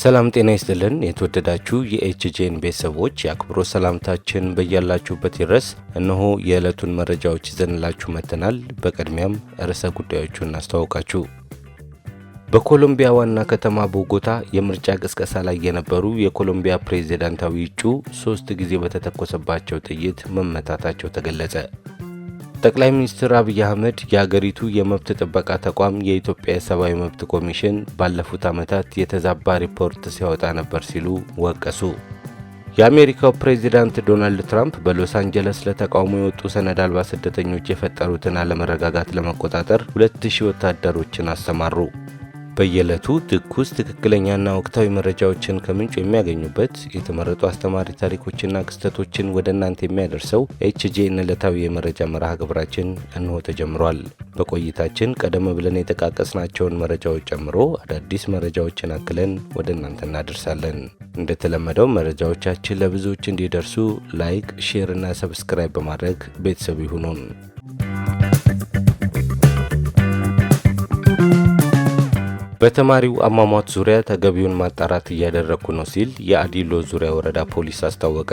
ሰላም ጤና ይስጥልን። የተወደዳችሁ የኤችጄን ቤተሰቦች የአክብሮ ሰላምታችን በያላችሁበት ይድረስ። እነሆ የዕለቱን መረጃዎች ይዘንላችሁ መጥተናል። በቅድሚያም ርዕሰ ጉዳዮቹን እናስተዋውቃችሁ። በኮሎምቢያ ዋና ከተማ ቦጎታ የምርጫ ቅስቀሳ ላይ የነበሩ የኮሎምቢያ ፕሬዚዳንታዊ እጩ ሶስት ጊዜ በተተኮሰባቸው ጥይት መመታታቸው ተገለጸ። ጠቅላይ ሚኒስትር አብይ አህመድ የአገሪቱ የመብት ጥበቃ ተቋም የኢትዮጵያ የሰብአዊ መብት ኮሚሽን ባለፉት ዓመታት የተዛባ ሪፖርት ሲያወጣ ነበር ሲሉ ወቀሱ። የአሜሪካው ፕሬዚዳንት ዶናልድ ትራምፕ በሎስ አንጀለስ ለተቃውሞ የወጡ ሰነድ አልባ ስደተኞች የፈጠሩትን አለመረጋጋት ለመቆጣጠር ሁለት ሺህ ወታደሮችን አሰማሩ። በየዕለቱ ትኩስ ትክክለኛና ወቅታዊ መረጃዎችን ከምንጩ የሚያገኙበት የተመረጡ አስተማሪ ታሪኮችና ክስተቶችን ወደ እናንተ የሚያደርሰው ኤችጄኤን ዕለታዊ የመረጃ መርሃ ግብራችን እንሆ ተጀምሯል። በቆይታችን ቀደም ብለን የጠቃቀስናቸውን መረጃዎች ጨምሮ አዳዲስ መረጃዎችን አክለን ወደ እናንተ እናደርሳለን። እንደተለመደው መረጃዎቻችን ለብዙዎች እንዲደርሱ ላይክ፣ ሼር እና ሰብስክራይብ በማድረግ ቤተሰብ ይሁኑን። በተማሪው አሟሟት ዙሪያ ተገቢውን ማጣራት እያደረግኩ ነው ሲል የአዲሎ ዙሪያ ወረዳ ፖሊስ አስታወቀ።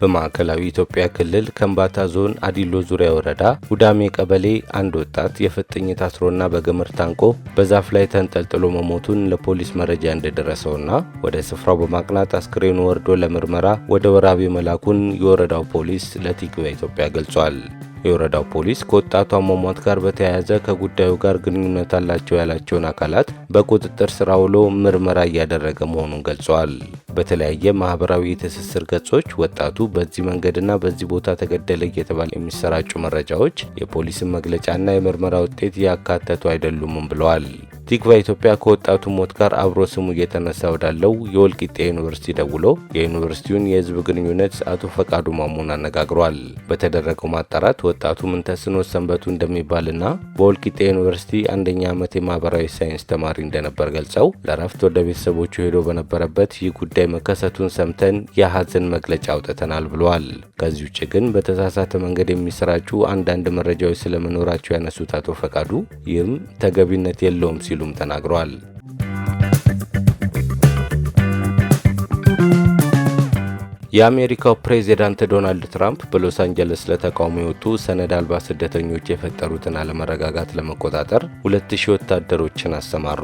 በማዕከላዊ ኢትዮጵያ ክልል ከምባታ ዞን አዲሎ ዙሪያ ወረዳ ውዳሜ ቀበሌ አንድ ወጣት የፍጥኝ ታስሮና በገመድ ታንቆ በዛፍ ላይ ተንጠልጥሎ መሞቱን ለፖሊስ መረጃ እንደደረሰውና ወደ ስፍራው በማቅናት አስክሬኑ ወርዶ ለምርመራ ወደ ወራቤ መላኩን የወረዳው ፖሊስ ለቲግባ ኢትዮጵያ ገልጿል። የወረዳው ፖሊስ ከወጣቱ አሟሟት ጋር በተያያዘ ከጉዳዩ ጋር ግንኙነት አላቸው ያላቸውን አካላት በቁጥጥር ስር አውሎ ምርመራ እያደረገ መሆኑን ገልጿል። በተለያየ ማህበራዊ የትስስር ገጾች ወጣቱ በዚህ መንገድና በዚህ ቦታ ተገደለ እየተባለ የሚሰራጩ መረጃዎች የፖሊስን መግለጫና የምርመራ ውጤት እያካተቱ አይደሉምም ብለዋል። ቲክቫ ኢትዮጵያ ከወጣቱ ሞት ጋር አብሮ ስሙ እየተነሳ ወዳለው የወልቂጤ ዩኒቨርሲቲ ደውሎ የዩኒቨርሲቲውን የህዝብ ግንኙነት አቶ ፈቃዱ ማሞን አነጋግሯል። በተደረገው ማጣራት ወጣቱ ምንተስኖ ሰንበቱ እንደሚባልና በወልቂጤ ዩኒቨርሲቲ አንደኛ ዓመት የማህበራዊ ሳይንስ ተማሪ እንደነበር ገልጸው ለረፍት ወደ ቤተሰቦቹ ሄዶ በነበረበት ይህ ጉዳይ መከሰቱን ሰምተን የሀዘን መግለጫ አውጥተናል ብለዋል። ከዚህ ውጭ ግን በተሳሳተ መንገድ የሚሰራጩ አንዳንድ መረጃዎች ስለመኖራቸው ያነሱት አቶ ፈቃዱ ይህም ተገቢነት የለውም ሲሉ ሲሉም ተናግረዋል። የአሜሪካው ፕሬዚዳንት ዶናልድ ትራምፕ በሎስ አንጀለስ ለተቃውሞ የወጡ ሰነድ አልባ ስደተኞች የፈጠሩትን አለመረጋጋት ለመቆጣጠር ሁለት ሺህ ወታደሮችን አሰማሩ።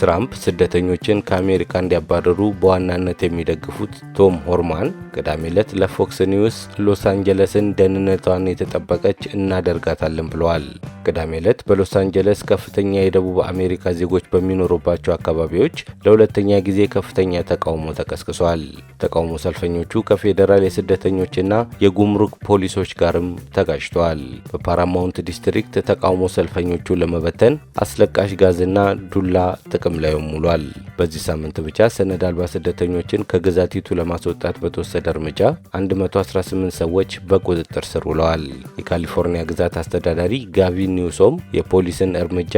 ትራምፕ ስደተኞችን ከአሜሪካ እንዲያባረሩ በዋናነት የሚደግፉት ቶም ሆርማን ቅዳሜ ዕለት ለፎክስ ኒውስ ሎስ አንጀለስን ደህንነቷን የተጠበቀች እናደርጋታለን ብለዋል። ቅዳሜ ዕለት በሎስ አንጀለስ ከፍተኛ የደቡብ አሜሪካ ዜጎች በሚኖሩባቸው አካባቢዎች ለሁለተኛ ጊዜ ከፍተኛ ተቃውሞ ተቀስቅሷል። ተቃውሞ ሰልፈኞቹ ከፌዴራል የስደተኞችና የጉምሩክ ፖሊሶች ጋርም ተጋጭተዋል። በፓራማውንት ዲስትሪክት ተቃውሞ ሰልፈኞቹ ለመበተን አስለቃሽ ጋዝና ዱላ ጥቅም ላይ ውሏል። በዚህ ሳምንት ብቻ ሰነድ አልባ ስደተኞችን ከግዛቲቱ ለማስወጣት በተወሰደ እርምጃ 118 ሰዎች በቁጥጥር ስር ውለዋል። የካሊፎርኒያ ግዛት አስተዳዳሪ ጋቪን ኒውሶም የፖሊስን እርምጃ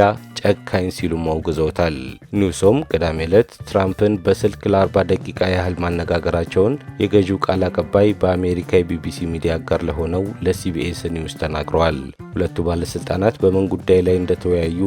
ጨካኝ ሲሉ አውግዘውታል። ኒውሶም ቅዳሜ ዕለት ትራምፕን በስልክ ለ40 ደቂቃ ያህል ማነጋገራቸውን የገዢው ቃል አቀባይ በአሜሪካ የቢቢሲ ሚዲያ አጋር ለሆነው ለሲቢኤስ ኒውስ ተናግረዋል። ሁለቱ ባለሥልጣናት በምን ጉዳይ ላይ እንደተወያዩ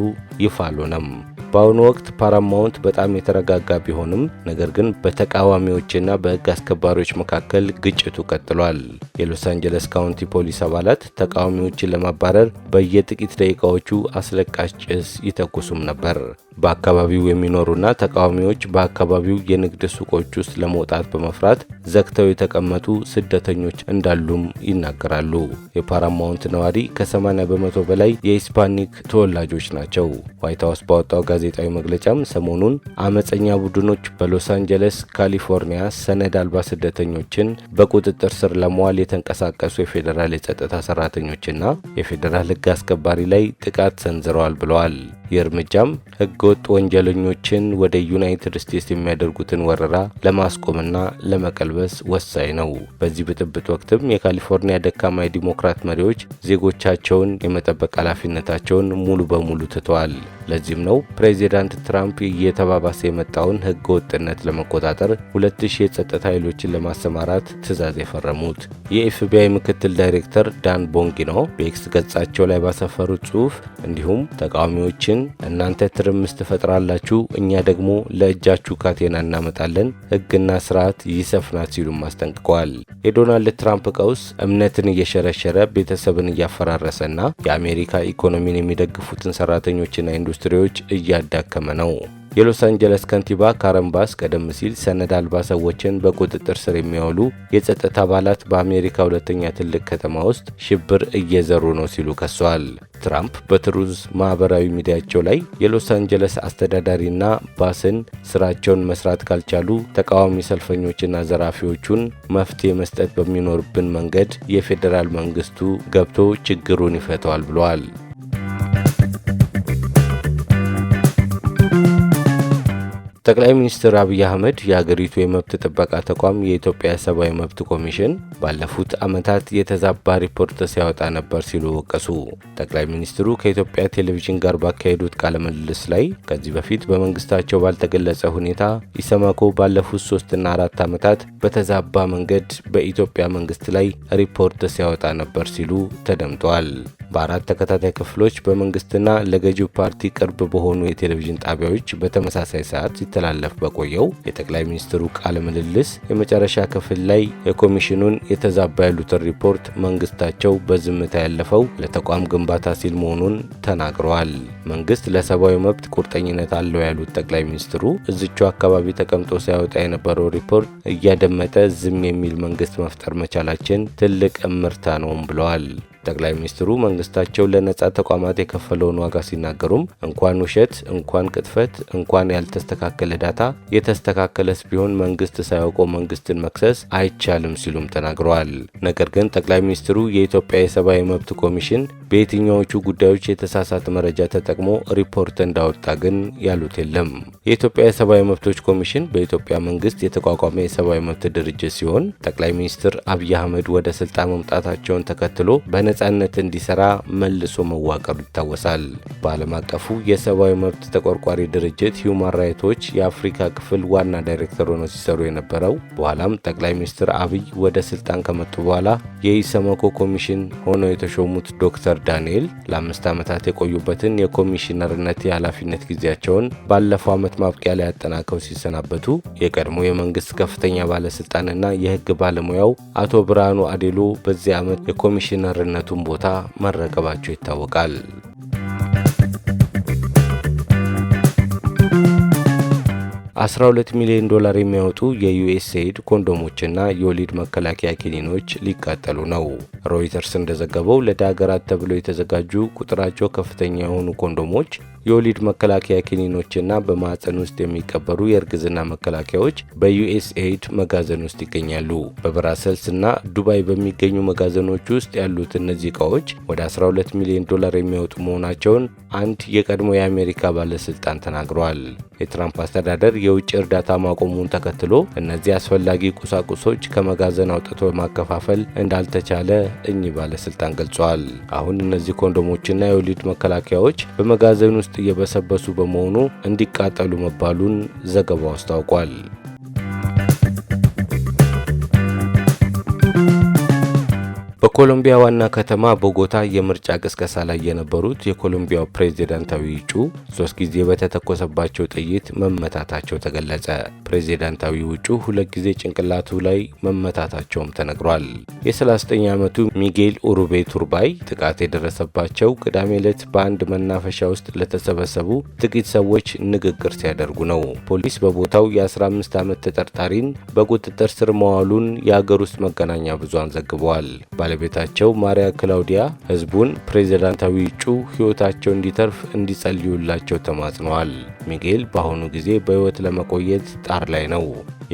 ይፋ አልሆነም። በአሁኑ ወቅት ፓራማውንት በጣም የተረጋጋ ቢሆንም ነገር ግን በተቃዋሚዎችና በሕግ አስከባሪዎች መካከል ግጭቱ ቀጥሏል። የሎስ አንጀለስ ካውንቲ ፖሊስ አባላት ተቃዋሚዎችን ለማባረር በየጥቂት ደቂቃዎቹ አስለቃሽ ጭስ ይተኩሱም ነበር። በአካባቢው የሚኖሩና ተቃዋሚዎች በአካባቢው የንግድ ሱቆች ውስጥ ለመውጣት በመፍራት ዘግተው የተቀመጡ ስደተኞች እንዳሉም ይናገራሉ። የፓራማውንት ነዋሪ ከ80 በመቶ በላይ የሂስፓኒክ ተወላጆች ናቸው። ዋይት ሀውስ ባወጣው ጋዜጣዊ መግለጫም ሰሞኑን አመፀኛ ቡድኖች በሎስ አንጀለስ ካሊፎርኒያ ሰነድ አልባ ስደተኞችን በቁጥጥር ስር ለመዋል የተንቀሳቀሱ የፌዴራል የጸጥታ ሰራተኞችና የፌዴራል ሕግ አስከባሪ ላይ ጥቃት ሰንዝረዋል ብለዋል። ይህ እርምጃም ሕገወጥ ወንጀለኞችን ወደ ዩናይትድ ስቴትስ የሚያደርጉትን ወረራ ለማስቆምና ለመቀልበስ ወሳኝ ነው። በዚህ ብጥብጥ ወቅትም የካሊፎርኒያ ደካማ የዲሞክራት መሪዎች ዜጎቻቸውን የመጠበቅ ኃላፊነታቸውን ሙሉ በሙሉ ትተዋል። ለዚህም ነው ፕሬዚዳንት ትራምፕ እየተባባሰ የመጣውን ህገ ወጥነት ለመቆጣጠር 2000 የጸጥታ ኃይሎችን ለማሰማራት ትዕዛዝ የፈረሙት። የኤፍቢአይ ምክትል ዳይሬክተር ዳን ቦንጊኖ በኤክስ ገጻቸው ላይ ባሰፈሩት ጽሑፍ እንዲሁም ተቃዋሚዎችን እናንተ ትርምስ ትፈጥራላችሁ፣ እኛ ደግሞ ለእጃችሁ ካቴና እናመጣለን፣ ህግና ስርዓት ይሰፍናል ሲሉም አስጠንቅቀዋል። የዶናልድ ትራምፕ ቀውስ እምነትን እየሸረሸረ ቤተሰብን እያፈራረሰና የአሜሪካ ኢኮኖሚን የሚደግፉትን ሰራተኞችና ኢንዱስትሪ ኢንዱስትሪዎች እያዳከመ ነው። የሎስ አንጀለስ ከንቲባ ካረን ባስ ቀደም ሲል ሰነድ አልባ ሰዎችን በቁጥጥር ስር የሚያውሉ የጸጥታ አባላት በአሜሪካ ሁለተኛ ትልቅ ከተማ ውስጥ ሽብር እየዘሩ ነው ሲሉ ከሷል። ትራምፕ በትሩዝ ማህበራዊ ሚዲያቸው ላይ የሎስ አንጀለስ አስተዳዳሪና ባስን ስራቸውን መስራት ካልቻሉ ተቃዋሚ ሰልፈኞችና ዘራፊዎቹን መፍትሄ መስጠት በሚኖርብን መንገድ የፌዴራል መንግስቱ ገብቶ ችግሩን ይፈተዋል ብለዋል። ጠቅላይ ሚኒስትር አብይ አህመድ የአገሪቱ የመብት ጥበቃ ተቋም የኢትዮጵያ ሰብአዊ መብት ኮሚሽን ባለፉት ዓመታት የተዛባ ሪፖርት ሲያወጣ ነበር ሲሉ ወቀሱ። ጠቅላይ ሚኒስትሩ ከኢትዮጵያ ቴሌቪዥን ጋር ባካሄዱት ቃለ ምልልስ ላይ ከዚህ በፊት በመንግስታቸው ባልተገለጸ ሁኔታ ኢሰማኮ ባለፉት ሶስትና አራት ዓመታት በተዛባ መንገድ በኢትዮጵያ መንግስት ላይ ሪፖርት ሲያወጣ ነበር ሲሉ ተደምጠዋል። በአራት ተከታታይ ክፍሎች በመንግስትና ለገዢው ፓርቲ ቅርብ በሆኑ የቴሌቪዥን ጣቢያዎች በተመሳሳይ ሰዓት ሲተላለፍ በቆየው የጠቅላይ ሚኒስትሩ ቃለ ምልልስ የመጨረሻ ክፍል ላይ የኮሚሽኑን የተዛባ ያሉትን ሪፖርት መንግስታቸው በዝምታ ያለፈው ለተቋም ግንባታ ሲል መሆኑን ተናግረዋል። መንግስት ለሰብአዊ መብት ቁርጠኝነት አለው ያሉት ጠቅላይ ሚኒስትሩ እዝቹ አካባቢ ተቀምጦ ሲያወጣ የነበረው ሪፖርት እያደመጠ ዝም የሚል መንግስት መፍጠር መቻላችን ትልቅ እምርታ ነውም ብለዋል። ጠቅላይ ሚኒስትሩ መንግስታቸው ለነጻ ተቋማት የከፈለውን ዋጋ ሲናገሩም እንኳን ውሸት፣ እንኳን ቅጥፈት፣ እንኳን ያልተስተካከለ ዳታ የተስተካከለስ ቢሆን መንግስት ሳያውቀው መንግስትን መክሰስ አይቻልም ሲሉም ተናግረዋል። ነገር ግን ጠቅላይ ሚኒስትሩ የኢትዮጵያ የሰብአዊ መብት ኮሚሽን በየትኛዎቹ ጉዳዮች የተሳሳተ መረጃ ተጠቅሞ ሪፖርት እንዳወጣ ግን ያሉት የለም። የኢትዮጵያ የሰብአዊ መብቶች ኮሚሽን በኢትዮጵያ መንግስት የተቋቋመ የሰብአዊ መብት ድርጅት ሲሆን ጠቅላይ ሚኒስትር አብይ አህመድ ወደ ስልጣን መምጣታቸውን ተከትሎ በነ በነፃነት እንዲሰራ መልሶ መዋቀሩ ይታወሳል። በዓለም አቀፉ የሰብአዊ መብት ተቆርቋሪ ድርጅት ሂውማን ራይቶች የአፍሪካ ክፍል ዋና ዳይሬክተር ሆነው ሲሰሩ የነበረው በኋላም ጠቅላይ ሚኒስትር አብይ ወደ ስልጣን ከመጡ በኋላ የኢሰመኮ ኮሚሽን ሆነው የተሾሙት ዶክተር ዳንኤል ለአምስት ዓመታት የቆዩበትን የኮሚሽነርነት የኃላፊነት ጊዜያቸውን ባለፈው ዓመት ማብቂያ ላይ አጠናቀው ሲሰናበቱ የቀድሞ የመንግስት ከፍተኛ ባለስልጣንና የህግ ባለሙያው አቶ ብርሃኑ አዴሎ በዚህ ዓመት የኮሚሽነርነት የመሰረቱን ቦታ መረከባቸው ይታወቃል። አስራ ሁለት ሚሊዮን ዶላር የሚያወጡ የዩኤስኤድ ኮንዶሞችና የወሊድ መከላከያ ኪኒኖች ሊቃጠሉ ነው። ሮይተርስ እንደዘገበው ለዳ ሀገራት ተብለው የተዘጋጁ ቁጥራቸው ከፍተኛ የሆኑ ኮንዶሞች የወሊድ መከላከያ ክኒኖችና በማዕፀን ውስጥ የሚቀበሩ የእርግዝና መከላከያዎች በዩኤስኤድ መጋዘን ውስጥ ይገኛሉ። በብራሰልስና ዱባይ በሚገኙ መጋዘኖች ውስጥ ያሉት እነዚህ እቃዎች ወደ 12 ሚሊዮን ዶላር የሚያወጡ መሆናቸውን አንድ የቀድሞ የአሜሪካ ባለስልጣን ተናግረዋል። የትራምፕ አስተዳደር የውጭ እርዳታ ማቆሙን ተከትሎ እነዚህ አስፈላጊ ቁሳቁሶች ከመጋዘን አውጥቶ ማከፋፈል እንዳልተቻለ እኚህ ባለስልጣን ገልጿል። አሁን እነዚህ ኮንዶሞችና የወሊድ መከላከያዎች በመጋዘን ውስጥ ውስጥ እየበሰበሱ በመሆኑ እንዲቃጠሉ መባሉን ዘገባው አስታውቋል። በኮሎምቢያ ዋና ከተማ ቦጎታ የምርጫ ቅስቀሳ ላይ የነበሩት የኮሎምቢያው ፕሬዚዳንታዊ እጩ ሶስት ጊዜ በተተኮሰባቸው ጥይት መመታታቸው ተገለጸ። ፕሬዝዳንታዊ እጩ ሁለት ጊዜ ጭንቅላቱ ላይ መመታታቸውም ተነግሯል። የ39 ዓመቱ ሚጌል ኡሩቤ ቱርባይ ጥቃት የደረሰባቸው ቅዳሜ ዕለት በአንድ መናፈሻ ውስጥ ለተሰበሰቡ ጥቂት ሰዎች ንግግር ሲያደርጉ ነው። ፖሊስ በቦታው የ15 ዓመት ተጠርጣሪን በቁጥጥር ስር መዋሉን የአገር ውስጥ መገናኛ ብዙሃን ዘግበዋል። ባለቤታቸው ማሪያ ክላውዲያ ህዝቡን ፕሬዚዳንታዊ እጩ ህይወታቸው እንዲተርፍ እንዲጸልዩላቸው ተማጽነዋል። ሚጌል በአሁኑ ጊዜ በህይወት ለመቆየት ጣር ላይ ነው።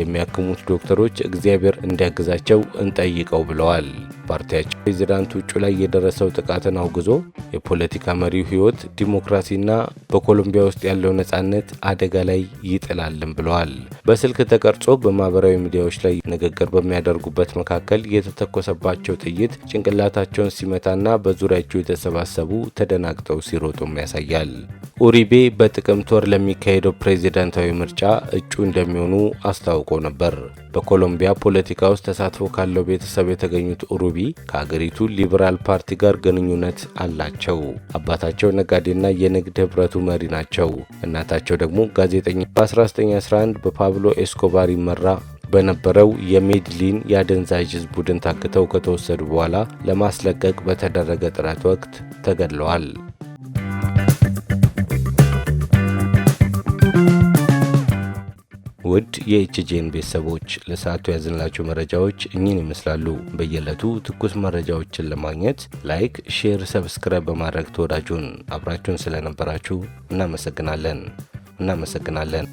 የሚያክሙት ዶክተሮች እግዚአብሔር እንዲያግዛቸው እንጠይቀው ብለዋል። ፓርቲያቸው ፕሬዚዳንት ውጩ ላይ የደረሰው ጥቃትን አውግዞ የፖለቲካ መሪው ሕይወት ዲሞክራሲና በኮሎምቢያ ውስጥ ያለው ነጻነት አደጋ ላይ ይጥላልን ብለዋል። በስልክ ተቀርጾ በማህበራዊ ሚዲያዎች ላይ ንግግር በሚያደርጉበት መካከል የተተኮሰባቸው ጥይት ጭንቅላታቸውን ሲመታና በዙሪያቸው የተሰባሰቡ ተደናግጠው ሲሮጡም ያሳያል። ኡሪቤ በጥቅምት ወር ለሚካሄደው ፕሬዚዳንታዊ ምርጫ እጩ እንደሚሆኑ አስታውቆ ነበር። በኮሎምቢያ ፖለቲካ ውስጥ ተሳትፎ ካለው ቤተሰብ የተገኙት ሩቢ ከአገሪቱ ሊበራል ፓርቲ ጋር ግንኙነት አላቸው። አባታቸው ነጋዴና የንግድ ህብረቱ መሪ ናቸው። እናታቸው ደግሞ ጋዜጠኛ። በ1911 በፓብሎ ኤስኮባር ይመራ በነበረው የሜድሊን የአደንዛዥ ዕፅ ቡድን ታክተው ከተወሰዱ በኋላ ለማስለቀቅ በተደረገ ጥረት ወቅት ተገድለዋል። ውድ የኤችጄን ቤተሰቦች ለሰዓቱ ያዝንላችሁ መረጃዎች እኚህን ይመስላሉ። በየዕለቱ ትኩስ መረጃዎችን ለማግኘት ላይክ፣ ሼር፣ ሰብስክራይብ በማድረግ ተወዳጁን አብራችሁን ስለነበራችሁ እናመሰግናለን እናመሰግናለን።